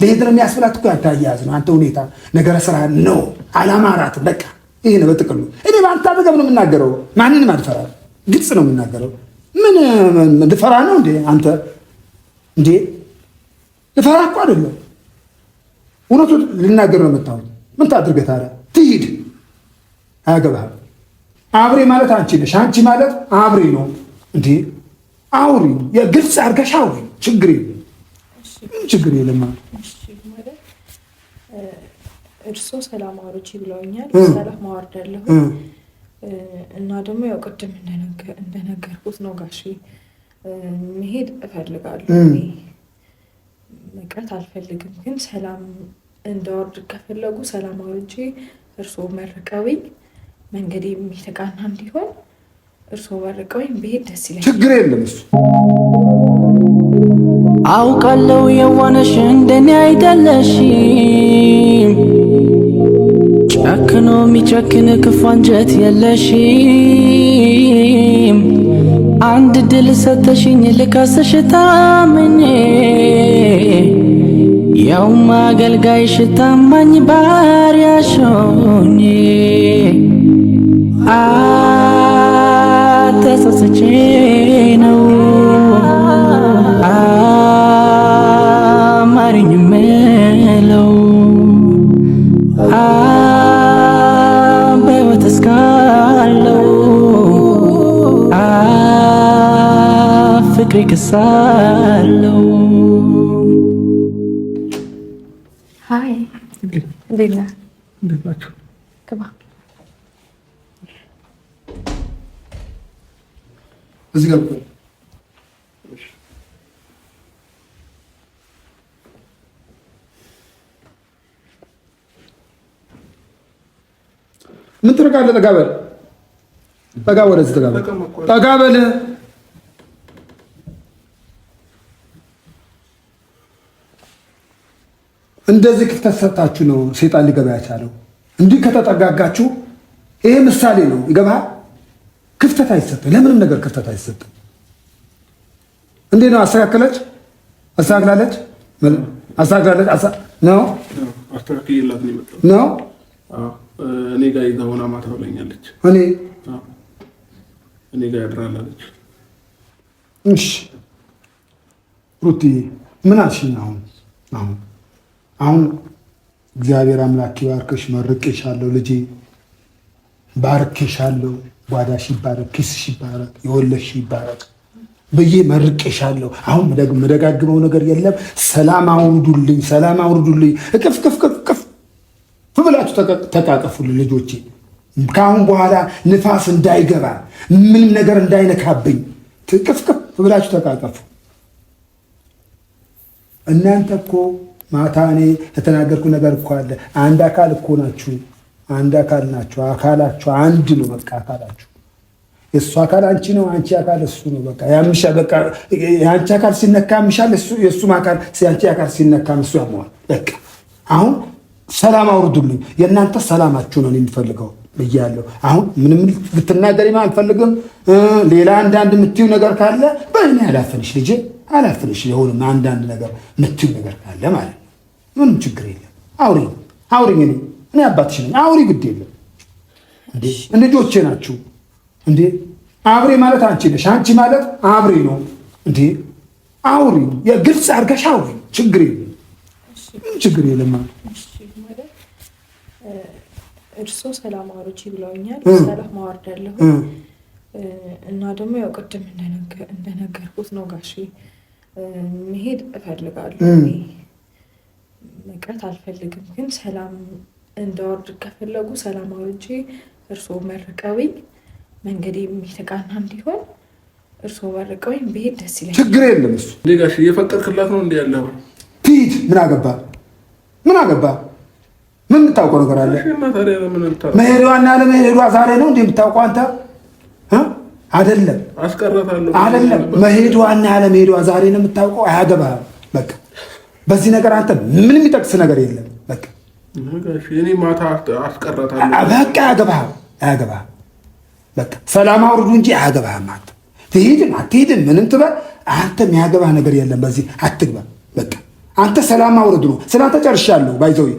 ለሄድር የሚያስብላት እኮ ያታያዝ ነው። አንተ ሁኔታ ነገረ ስራ ነው አላማራት። በቃ ይህ ነው በጥቅሉ። እኔ በአንተ አጠገብ ነው የምናገረው። ማንንም አልፈራ፣ ግልጽ ነው የምናገረው። ምን ልፈራ ነው እንዴ? አንተ እንዴ ልፈራ እኮ አይደለም። እውነቱ ልናገር ነው የመጣሁት። ምን ታድርገ ታረ ትሂድ፣ አያገባህም። አብሬ ማለት አንቺ ነሽ፣ አንቺ ማለት አብሬ ነው። እንዴ አውሪ፣ የግልጽ አርገሻ አውሪ፣ ችግር የለም ምን ችግር የለም። እርስዎ ሰላም አውርጂ ብለውኛል። ሰላም አወርዳለሁ እና ደግሞ ያው ቅድም እንደነገርኩት ነው ጋሽ መሄድ እፈልጋለሁ። መቅረት አልፈልግም፣ ግን ሰላም እንዳወርድ ከፈለጉ ሰላም አውርጄ እርስዎ መርቀውኝ መንገድ የሚተቃና እንዲሆን እርስዎ መርቀውኝ ብሄድ ደስ ይለኛል። ችግር የለም እሱ አውቃለው የዋነሽ እንደኔ አይደለሽም። ጨክኖ የሚጨክን ክፉ አንጀት የለሽም። አንድ ድል ሰተሽኝ ልከስሽ ታምኜ ያውም አገልጋይሽ ታማኝ ባሪያሽ ሆኜ አተሳስቼ ነው አማረኝ ምለው በሕይወት እስካለው ፍቅሬ ክሳለው። አይ እንዴት ነህ? እንዴት ናችሁ? ግባ እዚህ ገብቶ ምን ትርቃለህ? ጠጋ በል፣ ጠጋ ወደዚህ፣ ጠጋ በል፣ ጠጋ በል። እንደዚህ ከተሰጣችሁ ነው ሴጣን ሊገባ ያቻለው። እንዲህ ከተጠጋጋችሁ ይሄ ምሳሌ ነው። ይገባሃል? ክፍተት አይሰጥም፣ ለምንም ነገር ክፍተት አይሰጥም። እንዴ ነው? አስተካከለች፣ አስተካክላለች፣ አስተካክላለች ነው ነው እኔ ጋር ይዛ ሆና ማታ ብላኛለች። እኔ እኔ ጋር ያድራል እሺ ሩቲ ምን አልሽኝ? አሁን አሁን አሁን እግዚአብሔር አምላክ ይባርክሽ። መርቄሻለሁ ልጄ፣ ባርኬሻለሁ። ጓዳሽ ይባረክ፣ ኪስሽ ይባረክ፣ የወለሽ ይባረክ ብዬ መርቄሻለሁ። አሁን ምደግመው ነገር የለም። ሰላም አውርዱልኝ፣ ሰላም አውርዱልኝ። እቅፍ ቅፍ ቅፍ ተቃቀፉል ልጆቼ። ከአሁን በኋላ ንፋስ እንዳይገባ ምንም ነገር እንዳይነካብኝ ትቅፍቅፍ ብላችሁ ተቃቀፉ። እናንተ እኮ ማታ እኔ የተናገርኩ ነገር እኮ አለ። አንድ አካል እኮ ናችሁ። አንድ አካል ናችሁ። አካላችሁ አንድ ነው። በቃ አካላችሁ የእሱ አካል አንቺ ነው። አንቺ አካል እሱ ነው። በቃ ያምሻል። በቃ የአንቺ አካል ሲነካ ያምሻል። የእሱም አካል የአንቺ አካል ሲነካ እሱ ያመዋል። በቃ አሁን ሰላም አውርዱልኝ፣ የእናንተ ሰላማችሁ ነው የሚፈልገው ብያለሁ። አሁን ምንም ልትናገሪም አንፈልግም። ሌላ አንዳንድ የምትዩ ነገር ካለ በእኔ አላፍንሽ ልጄ አላፍንሽ። የሆንም አንዳንድ ነገር የምትዩ ነገር ካለ ማለት ነው። ምንም ችግር የለም። አውሪ አውሪ፣ እኔ እኔ አባትሽ ነኝ። አውሪ፣ ግድ የለም። ልጆቼ ናችሁ እንዴ? አብሬ ማለት አንቺ ነሽ፣ አንቺ ማለት አብሬ ነው እንዴ? አውሪ፣ የግልጽ አድርገሽ አውሪ፣ ችግር የለም። ችግር የለም። እርስዎ ሰላም አውርጂ ብለውኛል። ሰላም አወርዳለሁ እና ደግሞ ያው ቅድም እንደነገርኩት ነው ጋሽ መሄድ እፈልጋለሁ። መቅረት አልፈልግም፣ ግን ሰላም እንዳወርድ ከፈለጉ ሰላም አውርጄ እርስዎ መርቀውኝ መንገድ የሚተቃና እንዲሆን እርስዎ መርቀውኝ ብሄድ ደስ ይለኛል። ችግር የለም። እሱ ጋሽ እየፈቀድክላት ነው እንዲ ያለው ትሂድ። ምን አገባ ምን አገባ? ምን የምታውቀው ነገር አለ? መሄዷና አለመሄዷ ዛሬ ነው እንዴ የምታውቀው አንተ አይደለም አይደለም። መሄዷና አለመሄዷ ዛሬ ነው የምታውቀው። አያገባ በቃ በዚህ ነገር አንተ ምን የሚጠቅስ ነገር የለም። በቃ በቃ አያገባ። በቃ ሰላም አውርዱ እንጂ አያገባህም። አንተ ትሂድም አትሂድም ምንም ትበል አንተ የሚያገባህ ነገር የለም። በዚህ አትግባ በቃ አንተ ሰላም አውረድ ነው። ስላንተ ጨርሻለሁ። ባይዘዊ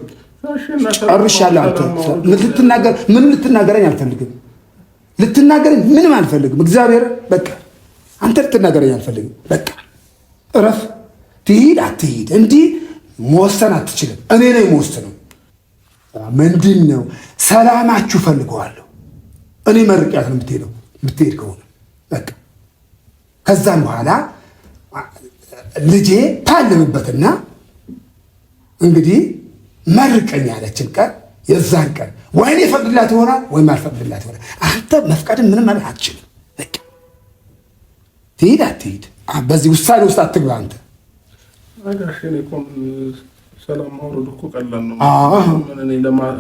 ጨርሻለሁ። አንተ ልትናገር ምንም ልትናገረኝ አልፈልግም። ልትናገረኝ ምንም አልፈልግም። እግዚአብሔር በቃ አንተ ልትናገረኝ አልፈልግም። በቃ እረፍ። ትሂድ አትሂድ እንዲህ መወሰን አትችልም። እኔ ነው የመወሰነው። ምንድን ነው ሰላማችሁ ፈልገዋለሁ። እኔ መርቂያት ነው የምትሄደው፣ የምትሄድ ከሆነ በቃ ከዛም በኋላ ልጄ ታለምበትና እንግዲህ መርቀኝ ያለችን ቀን የዛን ቀን ወይኔ ፈቅድላት ሆና ወይም አልፈቅድላት ሆና አንተ መፍቀድን ምንም ማለት አትችልም። በቃ ትሂድ አትሂድ፣ በዚህ ውሳኔ ውስጥ አትግባ። አንተ ሰላም ማውረድ እኮ ቀላል ነው።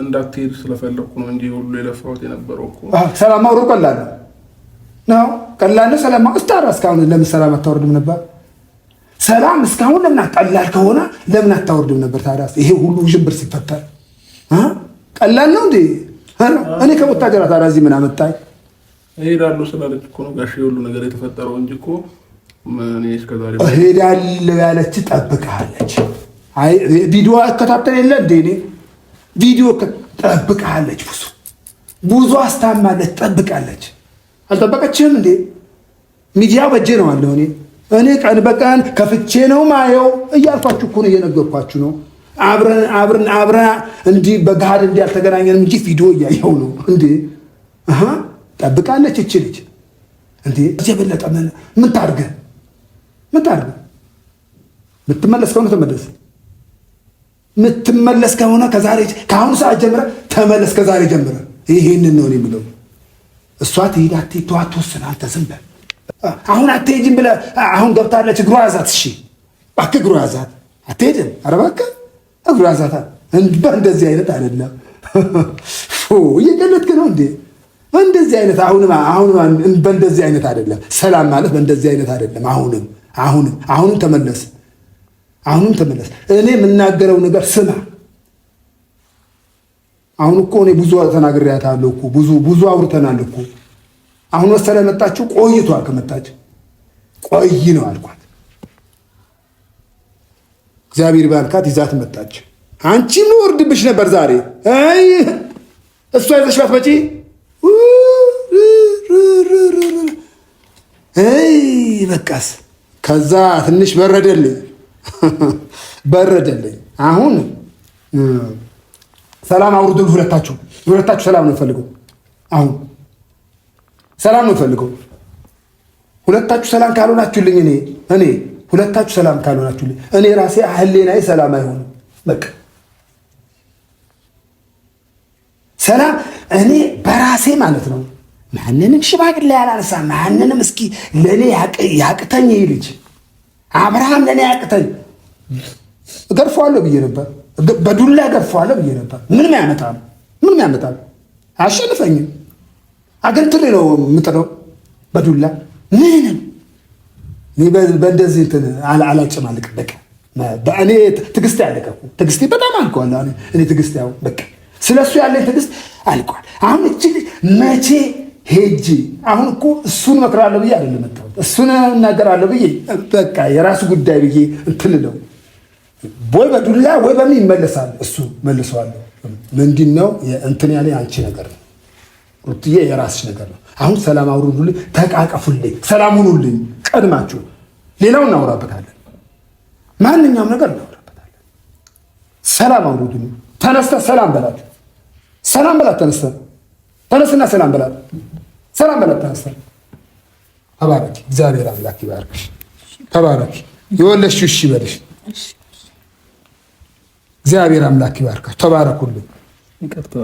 እንዳትሄድ ስለፈለግኩ ነው እንጂ ሁሉ የለፋሁት የነበረው እኮ ሰላም ማውረድ ቀላል ነው። ቀላል ነው። ሰላም እስካሁን ለምን ሰላም አታወርድም ነበር? ሰላም እስካሁን ለምን አጣላል ከሆነ ለምን አታወርድም ነበር ታዲያ? ይሄ ሁሉ ሽብር ሲፈጠር ቀላል ነው እንዴ? እኔ ከቡታጀራ ታዲያ እዚህ ምን አመጣኝ? እሄዳለሁ ስላለች እኮ ነው ጋሽ ሁሉ ነገር የተፈጠረው እንጂ እኮ እሄዳለሁ ያለች ጠብቃለች። ቪዲዮ አከታተል የለ እንዴ? እኔ ቪዲዮ ጠብቃለች። ብዙ ብዙ አስታማለች፣ ጠብቃለች። አልጠበቀችህም እንዴ? ሚዲያ በጄ ነው አለሁ እኔ እኔ ቀን በቀን ከፍቼ ነው ማየው እያልኳችሁ እኮ ነው እየነገርኳችሁ ነው። አብረን አብረን አብረን እንዲህ በገሃድ እንዲህ አልተገናኘንም እንጂ ቪዲዮ እያየው ነው እንዴ። አሃ ጠብቃለች እች ልጅ እንዴ። እዚህ የበለጠ ምን ታርገ ምን ታርገ። ምትመለስ ከሆነ ተመለስ፣ ምትመለስ ከሆነ ከዛሬ ከአሁኑ ሰዓት ጀምረ ተመለስ፣ ከዛሬ ጀምረ። ይሄንን ነው እኔ የምለው። እሷ ትሄድ አትሄድ ተወሰነ፣ አንተ በል አሁን አትሄጂም ብለህ አሁን ገብታለች። እግሯ ያዛት። እሺ እባክህ እግሯ ያዛት። አትሄድም። ኧረ እባክህ እግሯ ያዛት። እንደዚህ አይነት አይደለም። እየቀለድክ ነው እንዴ? በእንደዚህ አይነት አሁንም አሁንም በእንደዚህ አይነት አይደለም። ሰላም ማለት በእንደዚህ አይነት አይደለም። አሁንም አሁንም አሁንም ተመለስ፣ አሁንም ተመለስ። እኔ የምናገረው ነገር ስማ። አሁን እኮ እኔ ብዙ ተናግሬያታለሁ እኮ ብዙ ብዙ አውርተናል እኮ አሁን ወሰለ መጣችሁ ቆይቷል። ከመጣች ቆይ ነው አልኳት። እግዚአብሔር ባልካት ይዛት መጣች። ምን ወርድብሽ ነበር ዛሬ። አይ እሷ ይዘሽባት መጪ አይ በቃስ። ከዛ ትንሽ በረደልኝ በረደልኝ። አሁን ሰላም አውርዱን። ሁለታችሁ ሁለታችሁ ሰላም ነው ፈልገው አሁን ሰላም ነው ፈልገው። ሁለታችሁ ሰላም ካልሆናችሁልኝ እኔ እኔ ሁለታችሁ ሰላም ካልሆናችሁልኝ እኔ ራሴ ህሌናዬ ሰላም አይሆንም። በቃ ሰላም እኔ በራሴ ማለት ነው። ማንንም ሽማግሌ ላይ ማንንም እስኪ ለእኔ ያቅተኝ ይህ ልጅ አብርሃም ለእኔ ያቅተኝ እገርፈዋለሁ ብዬ ነበር። በዱላ እገርፈዋለሁ ብዬ ነበር። ምንም ያመጣል ምንም ያመጣል አሸንፈኝም አገንትሌ ነው የምጥለው በዱላ ምንም በእንደዚህ አላጨማልቅ በቃ በእኔ ትግስት ያለቀው ትግስቴ በጣም አልቀዋል። እኔ ትግስት ያው በቃ ስለ እሱ ያለኝ ትግስት አልቀዋል። አሁን እቺ መቼ ሄጂ አሁን እኮ እሱን መክራለሁ ብዬ አይደለም መጣሁት፣ እሱን እናገራለሁ ብዬ በቃ የራሱ ጉዳይ ብዬ እንትን ነው ወይ በዱላ ወይ በምን ይመለሳል እሱ መልሰዋለሁ። ምንድን ነው እንትን ያለ አንቺ ነገር ነው ሩትዬ የራስሽ ነገር ነው። አሁን ሰላም አውርዱልኝ፣ ተቃቀፉልኝ፣ ሰላም ሁኑልኝ። ቀድማችሁ ሌላው እናውራበታለን። ማንኛውም ነገር እናውራበታለን። ሰላም አውርዱልኝ። ተነስተ ሰላም በላት፣ ሰላም በላት። ተነስተ ተነስና ሰላም በላት፣ ሰላም በላት። ተነስተ ተባረክ። እግዚአብሔር አምላክ ይባርክሽ፣ ተባረክ። የወለሽ እሺ በልሽ። እግዚአብሔር አምላክ ይባርካችሁ። ተባረኩልኝ፣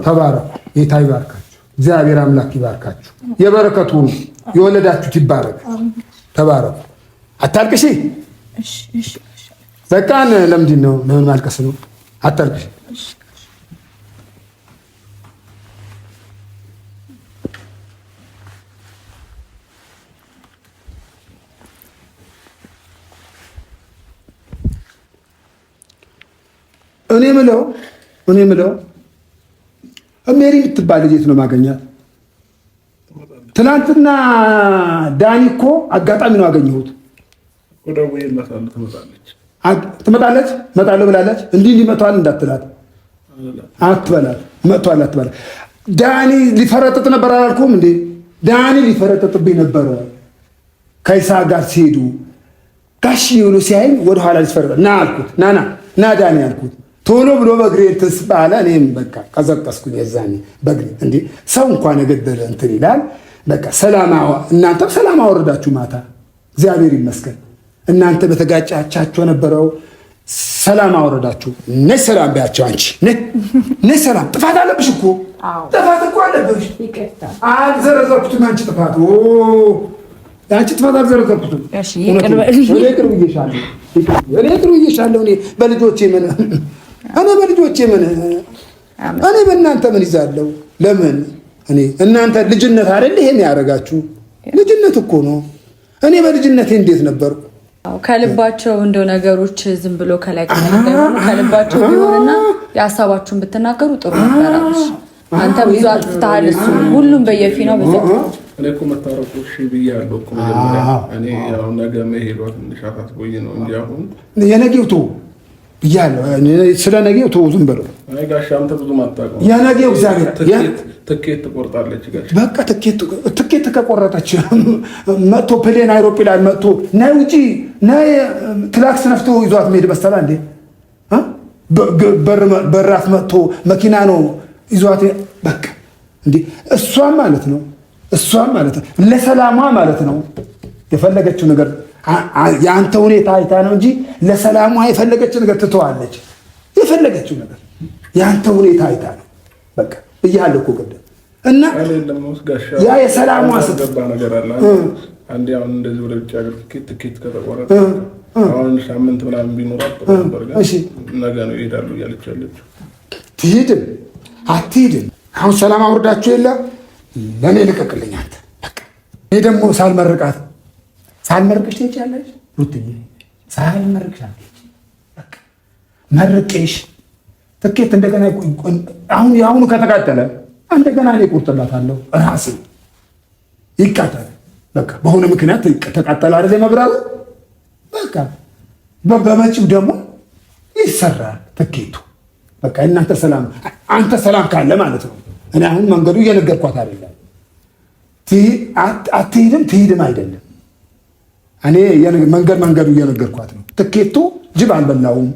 ተባረኩ። ጌታ ይባርካችሁ። እግዚአብሔር አምላክ ይባርካችሁ። የበረከቱ የወለዳችሁ የወለዳችሁት ይባረክ። ተባረኩ። አታልቅሺ። በቃን። ለምንድን ነው ለምን ማልቀስ ነው? አታልቅሺ። እኔ ምለው እኔ ምለው ሜሪ የምትባል ልጅ ነው ማገኛት። ትናንትና ዳኒ እኮ አጋጣሚ ነው አገኘሁት። ትመጣለች መጣለ ብላለች። እንዲህ ሊመቷል እንዳትላት አትበላት። መጥቷል አትበላት። ዳኒ ሊፈረጥጥ ነበር አላልኩም እንዴ? ዳኒ ሊፈረጥጥብኝ ነበረ ከይሳ ጋር ሲሄዱ ጋሽ የሆኑ ሲያይን ወደኋላ ሊፈረጥ ና አልኩት። ናና ና ዳኒ አልኩት ቶሎ ብሎ በእግሬ ትስባለ። እኔም በቃ ቀዘቀስኩኝ። የዛኔ በእግሬ እንደ ሰው እንኳን የገደለ እንትን ይላል። በቃ ሰላም፣ እናንተም ሰላም አወረዳችሁ ማታ። እግዚአብሔር ይመስገን። እናንተ በተጋጫቻቸው ነበረው ሰላም አወረዳችሁ። ነይ ሰላም ቢያቸው፣ አንቺ ነይ ሰላም። ጥፋት አለብሽ እኮ ጥፋት እኮ አለብሽ። አልዘረዘርኩትም። አንቺ ጥፋት አንቺ ጥፋት አልዘረዘርኩትም። እኔ ቅርብ እየሻለሁ፣ እኔ በልጆቼ እኔ በልጆቼ ምን እኔ በእናንተ ምን ይዛለሁ? ለምን እኔ እናንተ ልጅነት አይደል ይሄን ያደረጋችሁ? ልጅነት እኮ ነው። እኔ በልጅነቴ እንዴት ነበርኩ? ከልባቸው እንደው ነገሮች ዝም ብሎ ከላይ ከልባቸው ቢሆንና የሀሳባችሁን ብትናገሩ ጥሩ ነበረ። አንተ ብዙ አጥፍተሃል፣ እሱ ሁሉም በየፊ ነው ብዙ እኔ እኮ መታረቁ እሺ ብያለሁ እኮ መጀመሪያ። እኔ ያው ነገ መሄዷ ትንሽ አታስቆይ ነው እንጂ አሁን የነገው ብያለሁ። ስለ ነገው ተው ዝም በለው። የነገው እግዚአብሔር ትኬት ከቆረጠች መጥቶ ፕሌን አይሮፕላን መጥቶ ናይ ውጪ ናይ ትላክስ ነፍቶ ይዟት መሄድ መሰላ እንዴ በራት መጥቶ መኪና ነው ይዟት በቃ እንዴ ማለት ነው ማለት ነው ለሰላሟ ማለት ነው የፈለገችው ነገር የአንተ ሁኔታ አይታ ነው እንጂ ለሰላሟ የፈለገች ነገር ትተዋለች። የፈለገችው ነገር የአንተ ሁኔታ አይታ ነው። በቃ ብያለሁ እኮ ቅድም እና ያ የሰላሟ ስገባ ነገር አለ። አንዴ አሁን እንደዚህ ወደ ውጭ ሀገር ትኬት ትኬት ከተቆረጠ አሁን ሳምንት ምናምን ቢኖራት ነገ ነው ይሄዳሉ እያለች አሁን ሰላም አውርዳችሁ የለ ለእኔ ልቀቅልኝ አንተ። እኔ ደግሞ ሳልመርቃት ሳልመርቅሽ ትሄጃለሽ ሩትዬ፣ ሳልመርቅሽ በቃ መርቄሽ ትኬት እንደገና አሁን አሁኑ ከተቃጠለ እንደገና እኔ እቆርጥላታለሁ ራሴ ይቃጠል። በቃ በሆነ ምክንያት ተቃጠለ አይደል መብራቱ። በቃ በመጪው ደግሞ ይሰራል ትኬቱ። በቃ እናንተ ሰላም አንተ ሰላም ካለ ማለት ነው። እኔ አሁን መንገዱ እየነገርኳት አይደለም፣ አትሄድም ትሄድም አይደለም እኔ መንገድ መንገዱ እየነገርኳት ነው። ትኬቱ ጅብ አልበላውም።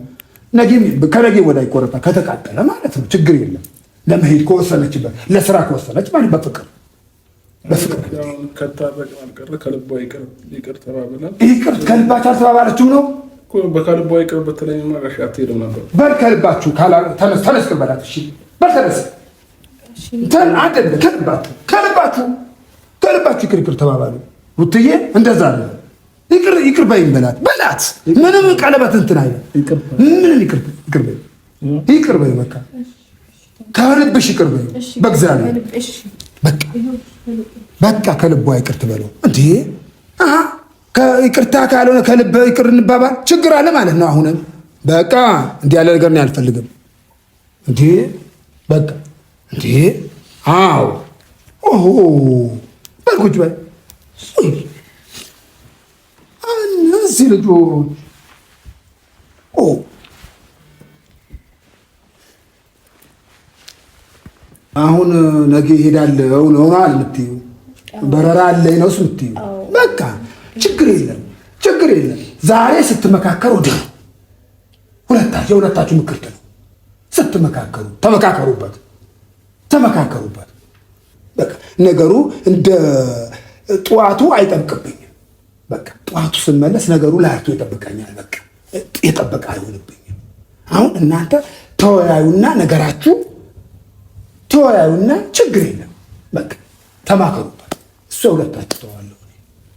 ከነጌ ወዳይ አይቆረጣ ከተቃጠለ ማለት ነው ችግር የለም። ለመሄድ ከወሰነችበት ለስራ ከወሰነች ማለት በፍቅር በፍቅር ከልባች አልተባባለችው ነው በካልቦ አይቀርብ ማራሽ ነበር። በል ከልባችሁ ተነስ ተነስ እሺ በል ተነስ ከልባችሁ ከልባችሁ ከልባችሁ ተባባሉ። ውትዬ እንደዛ ይቅር ይቅር በይም በላት በላት። ምንም ቀለበት እንትን አይደል ምንም ይቅር ይቅር በይ ይቅር በይ በቃ ከልብሽ ይቅር በይ በእግዚአብሔር በቃ በቃ ከልቧ ይቅር ትበለው እንዴ አሃ ይቅርታ ካልሆነ ከልብ ይቅር እንባባል ችግር አለ ማለት ነው። አሁንም በቃ እንዲህ ያለ ነገር ነው ያልፈልግም። እንዴ በቃ እንዴ አዎ ኦሆ በልኩች በይ ሲል ጆሮን አሁን ነገ ይሄዳለው ነው አልምትዩ በረራ አለኝ ነው ስምትዩ በቃ ችግር የለም ችግር የለም። ዛሬ ስትመካከሩ ወደ ሁለታችሁ የሁለታችሁ ምክር ነው። ስትመካከሩ ተመካከሩበት ተመካከሩበት በቃ ነገሩ እንደ ጠዋቱ አይጠብቅብኝ በቃ ጠዋቱ ስመለስ ነገሩ ላርቱ ይጠብቀኛል። በቃ የጠበቀ አይሆንብኝም። አሁን እናንተ ተወያዩና ነገራችሁ ተወያዩና ችግር የለም በቃ ተማከሩበት። እሱ ሁለታችሁ ተዋለሁ።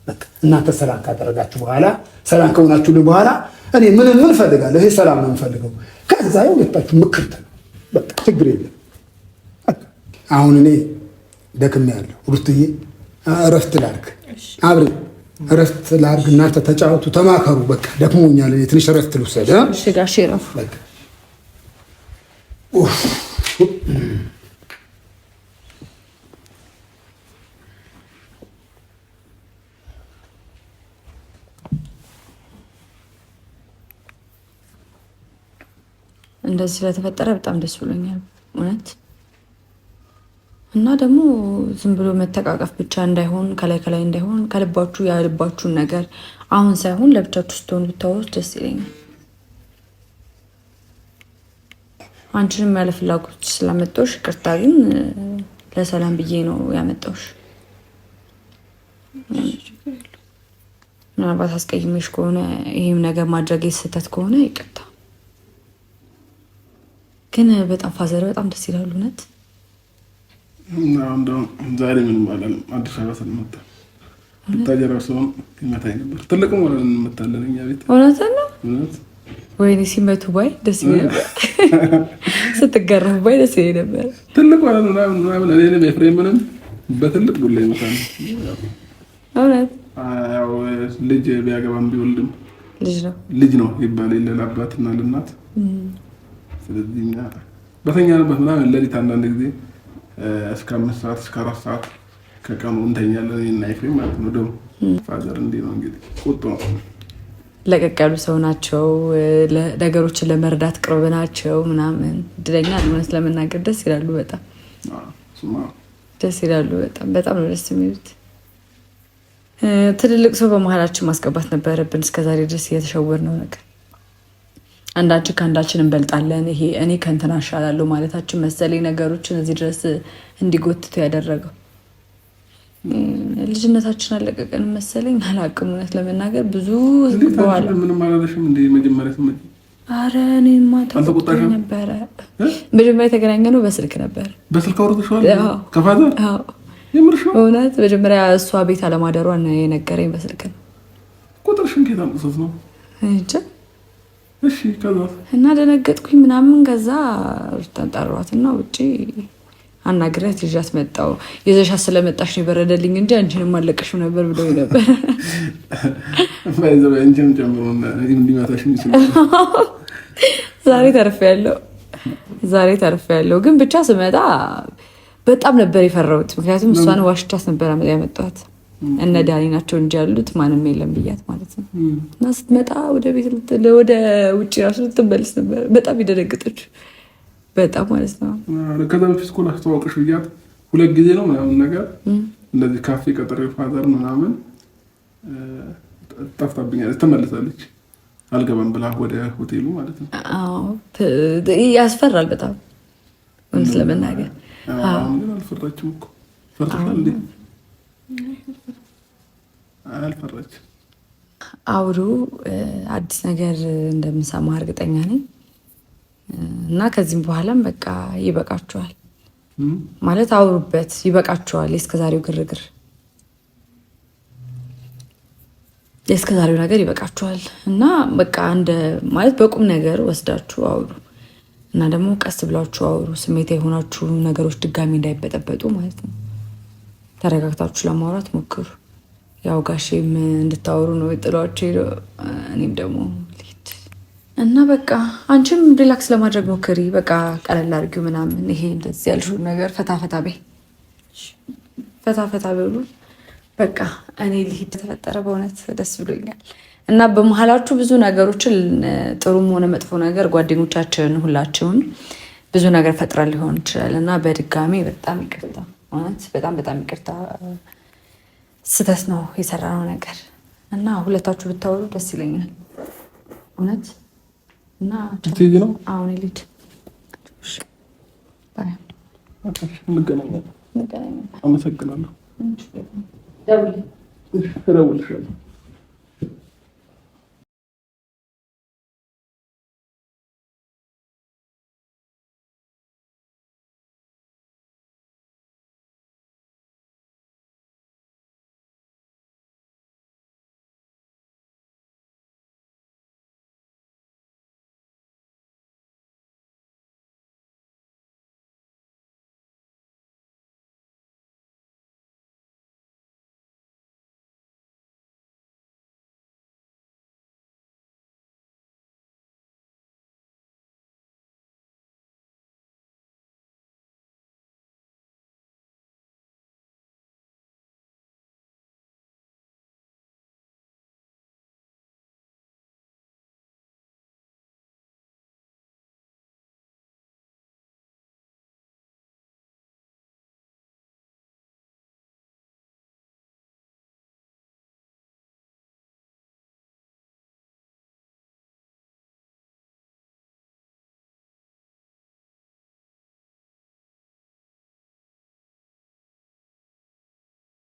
በቃ እናንተ ሰላም ካደረጋችሁ በኋላ ሰላም ከሆናችሁ በኋላ እኔ ምን ምን ፈልጋለሁ? ይሄ ሰላም ነው የምፈልገው። ከዛ ሁለታችሁ ምክርት ነው በቃ ችግር የለም። አሁን እኔ ደክሜያለሁ። ሩትዬ እረፍት ላድርግ አብሬ እረፍት ላድርግ። እናንተ ተጫወቱ፣ ተማከሩ። በቃ ደክሞኛል፣ ትንሽ እረፍት ልውሰድ። እንደዚህ ስለተፈጠረ በጣም ደስ ብሎኛል እውነት እና ደግሞ ዝም ብሎ መተቃቀፍ ብቻ እንዳይሆን ከላይ ከላይ እንዳይሆን ከልባችሁ ያልባችሁን ነገር አሁን ሳይሆን ለብቻችሁ ስትሆን ብታወስ ደስ ይለኛል። አንቺንም ያለ ፍላጎት ስላመጣሁሽ ይቅርታ፣ ግን ለሰላም ብዬ ነው ያመጣሁሽ። ምናልባት አስቀይሜሽ ከሆነ ይህም ነገር ማድረግ የተሰተት ከሆነ ይቅርታ። ግን በጣም ፋዘር በጣም ደስ ይላሉ እውነት ዛሬ ምንም አላለም። አዲስ አበባ ስለመጣ ብታጀራ ሰውን ይመታኝ ነበር። ትልቅም ሆነ እንመታለን እኛ ቤት። እውነትን ነው። ወይኔ ሲመቱ ባይ ደስ ይለኝ ነበር። ስትገረሙ ባይ ደስ ይለኝ ነበር። ትልቅ ሆነ ምናምን ምናምን እኔንም ኤፍሬምንም በትልቅ ዱላ ይመታል። እውነት ልጅ ቢያገባም ቢወልድም ልጅ ነው ልጅ ነው ይባል የለ ለአባትና ለእናት። ስለዚህ በተኛንበት ምናምን ሌሊት አንዳንድ ጊዜ እስከ አምስት ሰዓት እስከ አራት ሰዓት ከቀኑ እንተኛለን ናይፌ ማለት ነው። ደግሞ ፋዘር እንዲህ ነው እንግዲህ ቁጡ ነው። ለቀቅ ያሉ ሰው ናቸው። ነገሮችን ለመርዳት ቅርብ ናቸው ምናምን እድለኛ እውነት ለመናገር ደስ ይላሉ። በጣም ደስ ይላሉ። በጣም በጣም ነው ደስ የሚሉት። ትልልቅ ሰው በመሀላችን ማስገባት ነበረብን። እስከዛሬ ድረስ እየተሸወር ነው ነገር አንዳችን ከአንዳችን እንበልጣለን፣ ይሄ እኔ ከእንትና እሻላለሁ ማለታችን መሰለኝ ነገሮችን እዚህ ድረስ እንዲጎትቱ ያደረገው። ልጅነታችን አለቀቀን መሰለኝ፣ አላቅም። እውነት ለመናገር ብዙ አረ እኔማ ተቆጥቼ ነበረ። መጀመሪያ የተገናኘነው በስልክ ነበር። በስልክ እውነት መጀመሪያ እሷ ቤት አለማደሯን የነገረኝ በስልክ ነው። ቁጥርሽን ከየት አምጥቶት ነው? እሺ እና ደነገጥኩኝ ምናምን። ከዛ ጠሯት እና ውጭ አናግሪያት ይዣት መጣሁ። ይዘሻት ስለመጣሽ ነው የበረደልኝ እንጂ አንቺንም አለቀሽም ነበር ብለው ነበር። ዛሬ ተርፌያለሁ፣ ዛሬ ተርፌያለሁ። ግን ብቻ ስመጣ በጣም ነበር የፈራሁት፣ ምክንያቱም እሷን ዋሽቻት ነበር ያመጣኋት። እነ ዳኒ ናቸው እንጂ ያሉት ማንም የለም ብያት ማለት ነው። እና ስትመጣ ወደ ቤት ወደ ውጭ ራሱ ልትመለስ ነበር። በጣም የደነገጠች በጣም ማለት ነው። ከዛ በፊት እኮ ላስተዋወቅሽ ብያት ሁለት ጊዜ ነው ምናምን ነገር እንደዚህ ካፌ ቀጠሮ ፋዘር ምናምን ጠፍታብኛለች፣ ትመለሳለች አልገባም ብላ ወደ ሆቴሉ ማለት ነው። ያስፈራል በጣም እውነት ለመናገር አልፈራችም እኮ ፈርተሻል አልፈራች አውሩ አዲስ ነገር እንደምንሰማ እርግጠኛ ነኝ። እና ከዚህም በኋላም በቃ ይበቃችኋል ማለት አውሩበት፣ ይበቃችኋል። የእስከዛሬው ግርግር፣ የእስከዛሬው ነገር ይበቃችኋል። እና በቃ እንደ ማለት በቁም ነገር ወስዳችሁ አውሩ እና ደግሞ ቀስ ብላችሁ አውሩ። ስሜት የሆናችሁ ነገሮች ድጋሚ እንዳይበጠበጡ ማለት ነው። ተረጋግታችሁ ለማውራት ሞክሩ። ያው ጋሼም እንድታወሩ ነው የጥሏቸው ሄደ። እኔም ደግሞ ልሂድ እና በቃ አንቺም ሪላክስ ለማድረግ ሞክሪ። በቃ ቀለል አድርጊው ምናምን ይሄ እንደዚህ ያልሽውን ነገር ፈታፈታ ቤ ፈታፈታ ብሉ። በቃ እኔ ልሂድ። ተፈጠረ በእውነት ደስ ብሎኛል። እና በመሀላችሁ ብዙ ነገሮችን ጥሩም ሆነ መጥፎ ነገር ጓደኞቻችን ሁላችሁም ብዙ ነገር ፈጥረን ሊሆን ይችላል እና በድጋሚ በጣም ይቅርታ እውነት በጣም በጣም ይቅርታ፣ ስህተት ነው የሰራነው ነገር እና ሁለታችሁ ብታወሩ ደስ ይለኛል እውነት እና ነው አሁን ልጅ እንገናኛለን። አመሰግናለሁ።